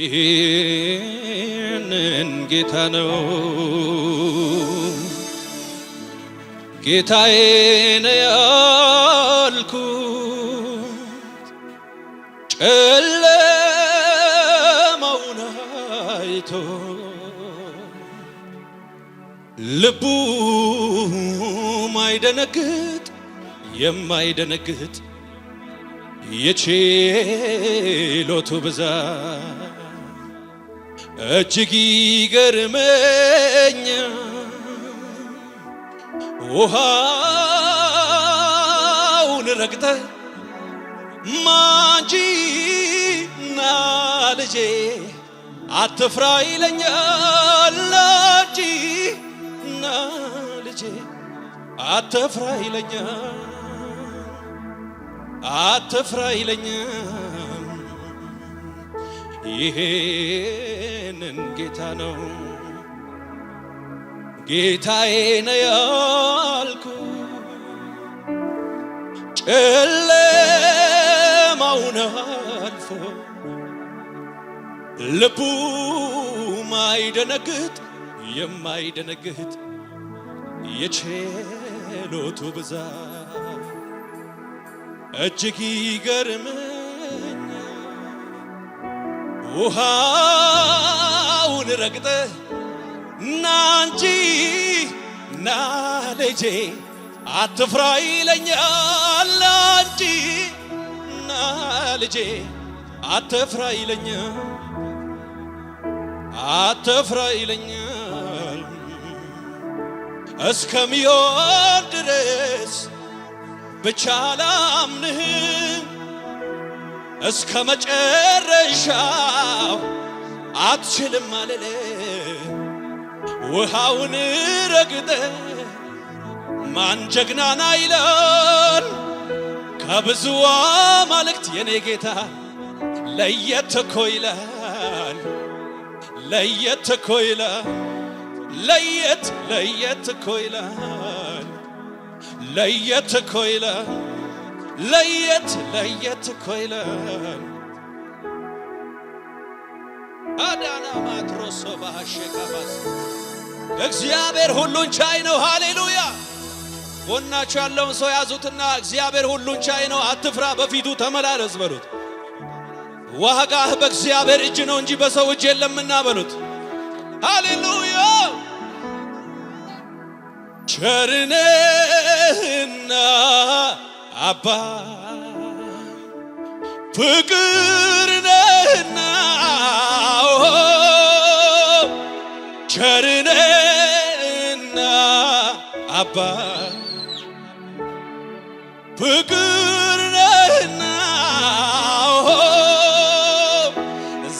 ይህንን ጌታ ነው ጌታዬ ነው ያልኩት ጨለማውን አይቶ ልቡ ማይደነግጥ የማይደነግጥ የችሎቱ ብዛት እጅግ ይገርመኛ ውሃውን ረግጠ ማንጂና ልጄ አትፍራ ይለኛል እንጂና ልጄ አትፍራ ይለኛል አትፍራ ይለኛል ይሄ የሚያድንን ጌታ ነው። ጌታዬ ነው ያልኩ ጨለማውን አልፎ ልቡ ማይደነግጥ የማይደነግጥ የቼሎቱ ብዛት እጅግ ይገርመኛል ውሃ ጡንቻውን ረግጠ ና እንጂ ና ልጄ አትፍራ ይለኛል እንጂ ና ልጄ አትፍራ ይለኛል አትፍራ ይለኛል እስከሚሆን ድረስ ብቻ ላምንህ እስከ መጨረሻው አትችልም አልል ውሃውን ረግጠ ማን ጀግናና ይላል ከብዙ አማልክት የኔ ጌታ ለየት እኮ ይላል ለየት እኮ ይላል ለየት ለየት እኮ ይላል ለየት እኮ ይላል ለየት ለየት እኮ ይላል አዳና ማትሮሶ ባሸካባስ እግዚአብሔር ሁሉን ቻይ ነው። ሃሌሉያ! ጎናችሁ ያለውን ሰው ያዙትና እግዚአብሔር ሁሉን ቻይ ነው፣ አትፍራ፣ በፊቱ ተመላለስ በሉት። ዋጋህ በእግዚአብሔር እጅ ነው እንጂ በሰው እጅ የለምና በሉት። ሃሌሉያ! ቸርነህና አባ ፍቅር ነህና ቸርነህና አባት ፍቅር ነህና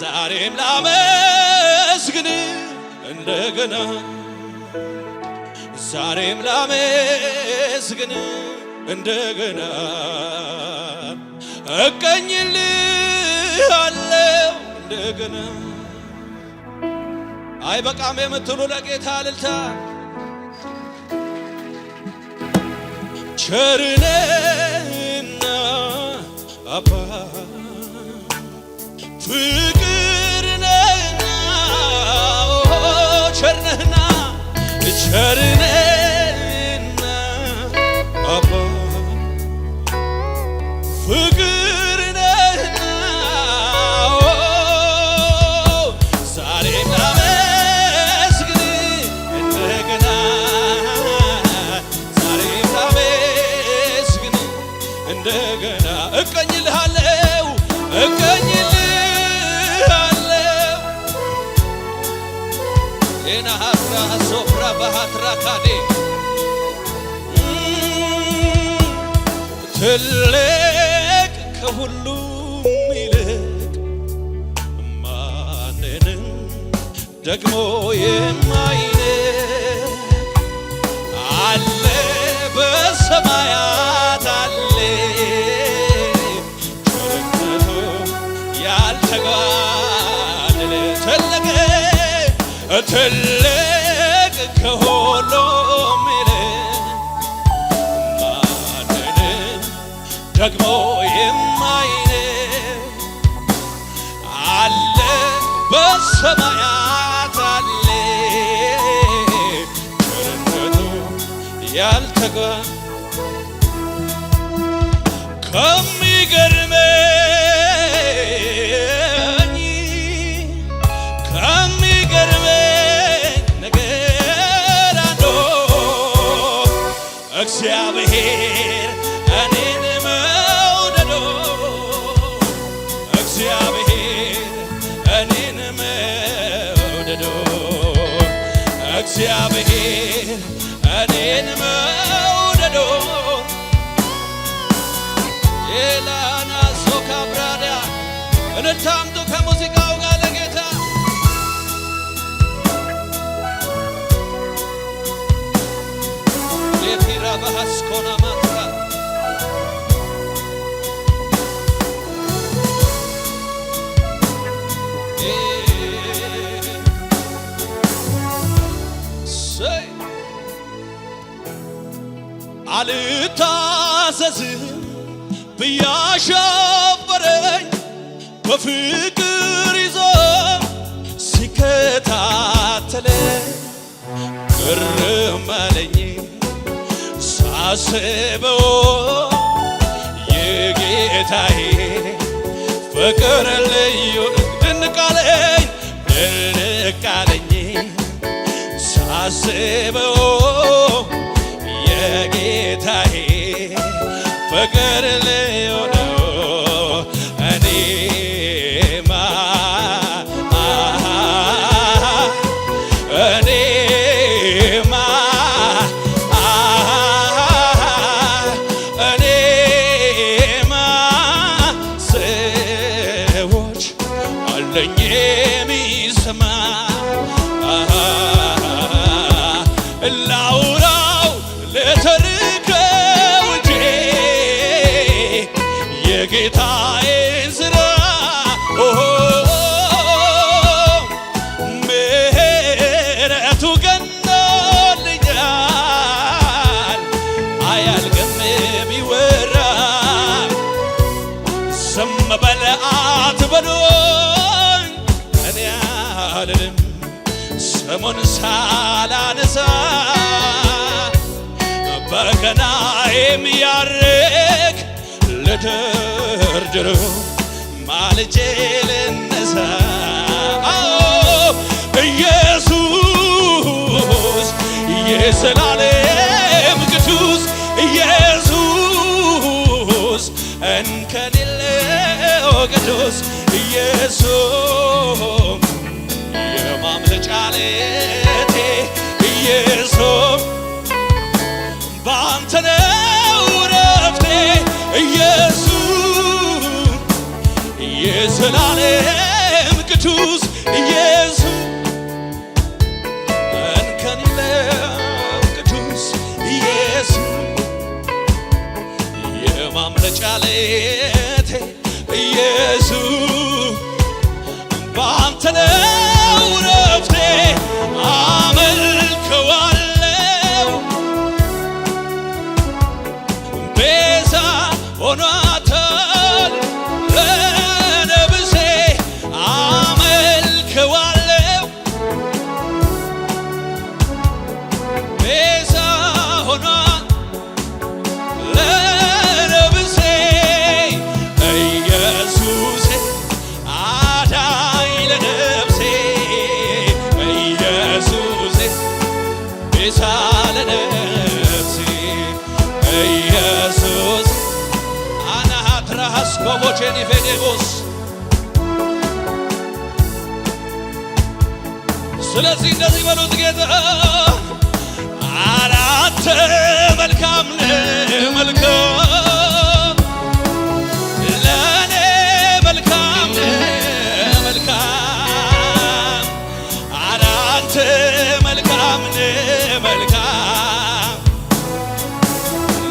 ዛሬም ላመስግን እንደገና ዛሬም ላመስግን እንደገና እቀኝልሃለሁ እንደገና። አይ በቃም የምትሉ ለጌታ እልልታ። ቸርነትና አባት ቸርነህና ቸር ዞፍራ ባህትራካዴ ትልቅ ከሁሉም ይልቅ ማንንም ደግሞ የማይንቅ አለ በሰማያት አለ ያልተጓደለ ትልቅ ትልቅ ከሁሉም ይልቅ ደግሞ የማይንቅ አለ በሰማያት አለ ቸርነቱ ያልተጓ እግዚአብሔር እኔን መውደዶ እግዚአብሔር እኔን መውደዶ እግዚአብሔር እኔን መውደዶ ኤላና ሶካብራዳ እንታ bahas konamazsa አልታዘዝም ብያሸበረኝ በፍቅር ይዞ ሲከታተለ ግርም አለኝ ሳስበው የጌታዬ ፍቅር ልዩ ድንቅ አለኝ ሳስበው የጌታዬ ፍቅር ስሙን ሳላነሳ በገናዬም ያርግ ልድርድሩ ማልጄ ልነሳ ኢየሱስ የዘላለም ቅዱስ ኢየሱስ እንከሌለው ቅዱስ ኢየሱስ መድኃኒቴ ኢየሱስ ዲያብሎስ። ስለዚህ እንደዚህ በሉት ጌታ ኧረ አንተ መልካም ነህ፣ መልካም ለእኔ መልካም ነህ፣ መልካም ኧረ አንተ መልካም ነህ፣ መልካም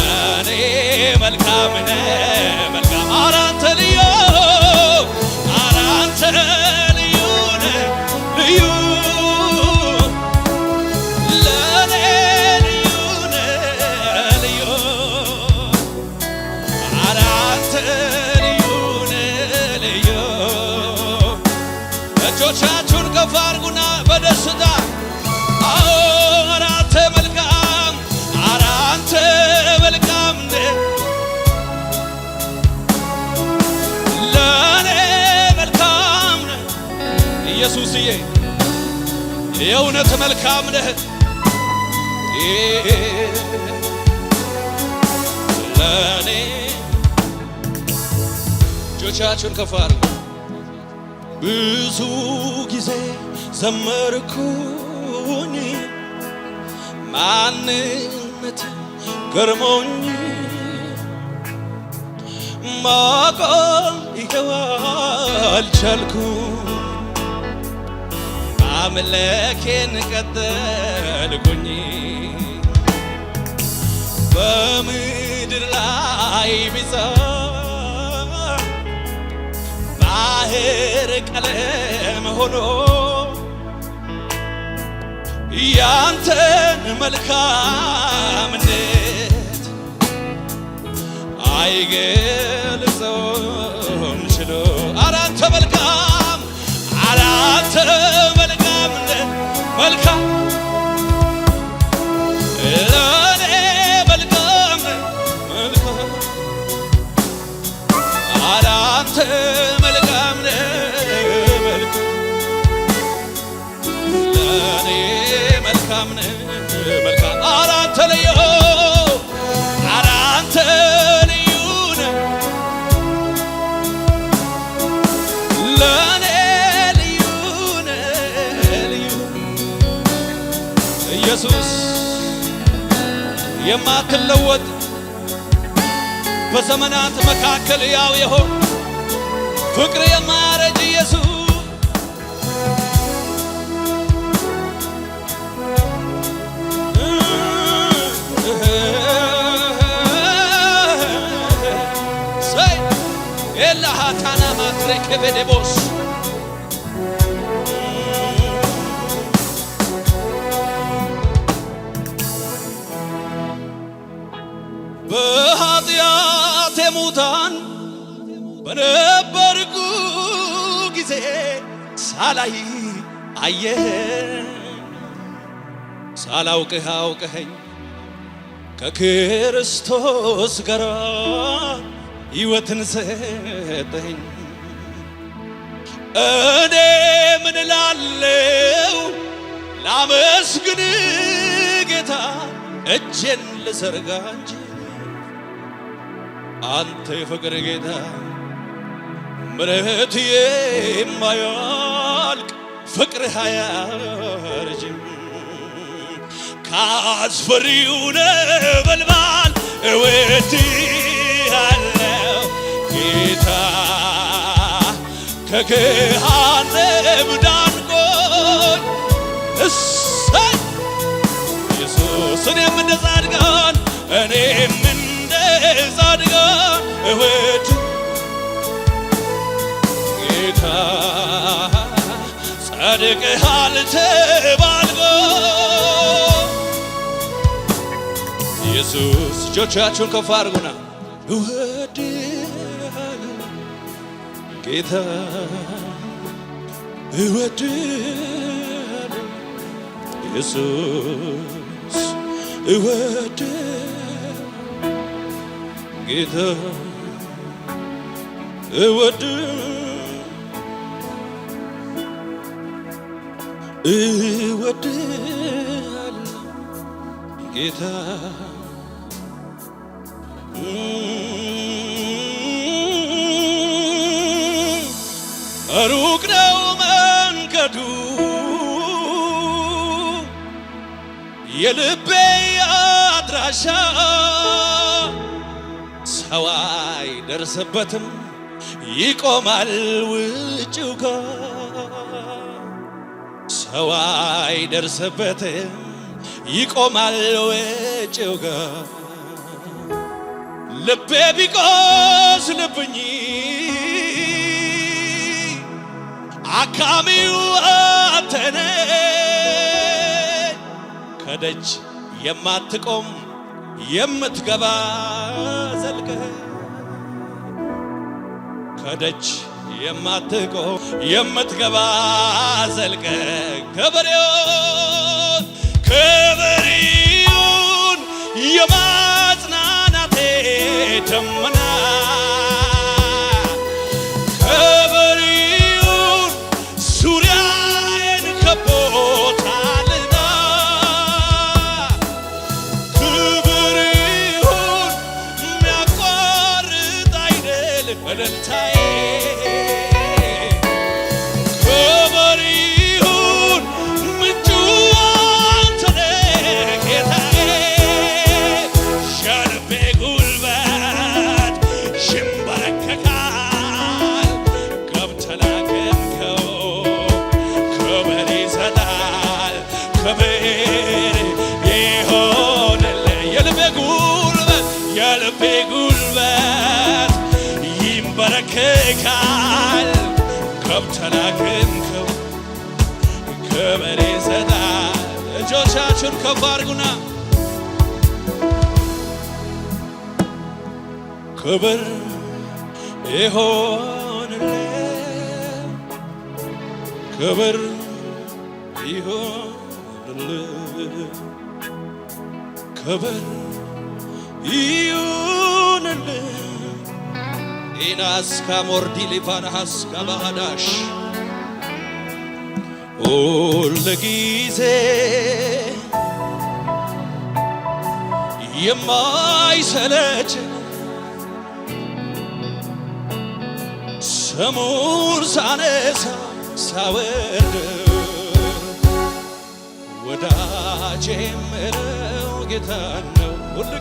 ለእኔ መልካም ነህ እጃችሁን ከፍ አድርጉና በደስታ አራንተ መልካም አራንተ መልካም ለእኔ መልካም ነህ ኢየሱስዬ፣ የእውነት መልካም ነህ ለእኔ እጆቻችሁን ከፍ አድርጉ ብዙ ጊዜ ዘመርኩኝ ማንነት ገርሞኝ ማቆም ይኸው አልቻልኩ ማምለኬን ቀጠልኩኝ በምድር ላይ ቢዛ ባህር ቀለም ሆኖ ያንተን መልካምነት አይገልጸውም ችሎ መልካም አላንተ መልካምነት መልካም የማትለወጥ በዘመናት መካከል ያው የሆን ፍቅር የማያረጅ ኢየሱስ የላሃታና ማትሬ ከበደቦስ ሙታን በነበርኩ ጊዜ ሳላይ አየ ሳላውቅህ አውቀኸኝ ከክርስቶስ ጋር ሕይወትን ሰጠኝ። እኔ ምን ላለው ላመስግን ጌታ እጄን ልዘርጋ እንጂ አንተ የፍቅር ጌታ ምረት የማያልቅ ፍቅር አያርጅም ከአስፈሪው ነበልባል እወድሃለሁ ጌታ ከገሃነም ዳንቆኝ እሰይ ኢየሱስን የምንጻድቃን እኔ እወድ ጌታ ጻድቅ አልተባልጎ ኢየሱስ እጆቻችሁን ከፍ አድርጉና እወድ ጌታ እወድ ኢየሱስ እወድ ጌታ እወድ እወድ ጌታ ሩቅ ነው መንገዱ የልቤ አድራሻ ሰው አይደርስበትም ይቆማል ውጭው ሰው አይደርስበትም ይቆማል ውጭው ልቤ ቢቆስልብኝ አካሚው አተነ ከደጅ የማትቆም የምትገባ ዘልቀህ ከደጅ የማትቆ የምትገባ ዘልቀ ገበሬውን ገበሬውን የማጽናናቴ ደመና ይንበረከካል ከብተናክንከው ክብር ይሰጣል። እጆቻችሁን ከፍ አድርጉና ክብር ይሆንልን፣ ክብር ይሆንልን ክብር ይሁንል ኢናስካ ሞርዲ ሊባናሃስ ከባሃዳሽ ሁል ጊዜ የማይሰለች ስሙን ሳነሳ ሳወርድ ወዳጄ የምለው ጌታን ነው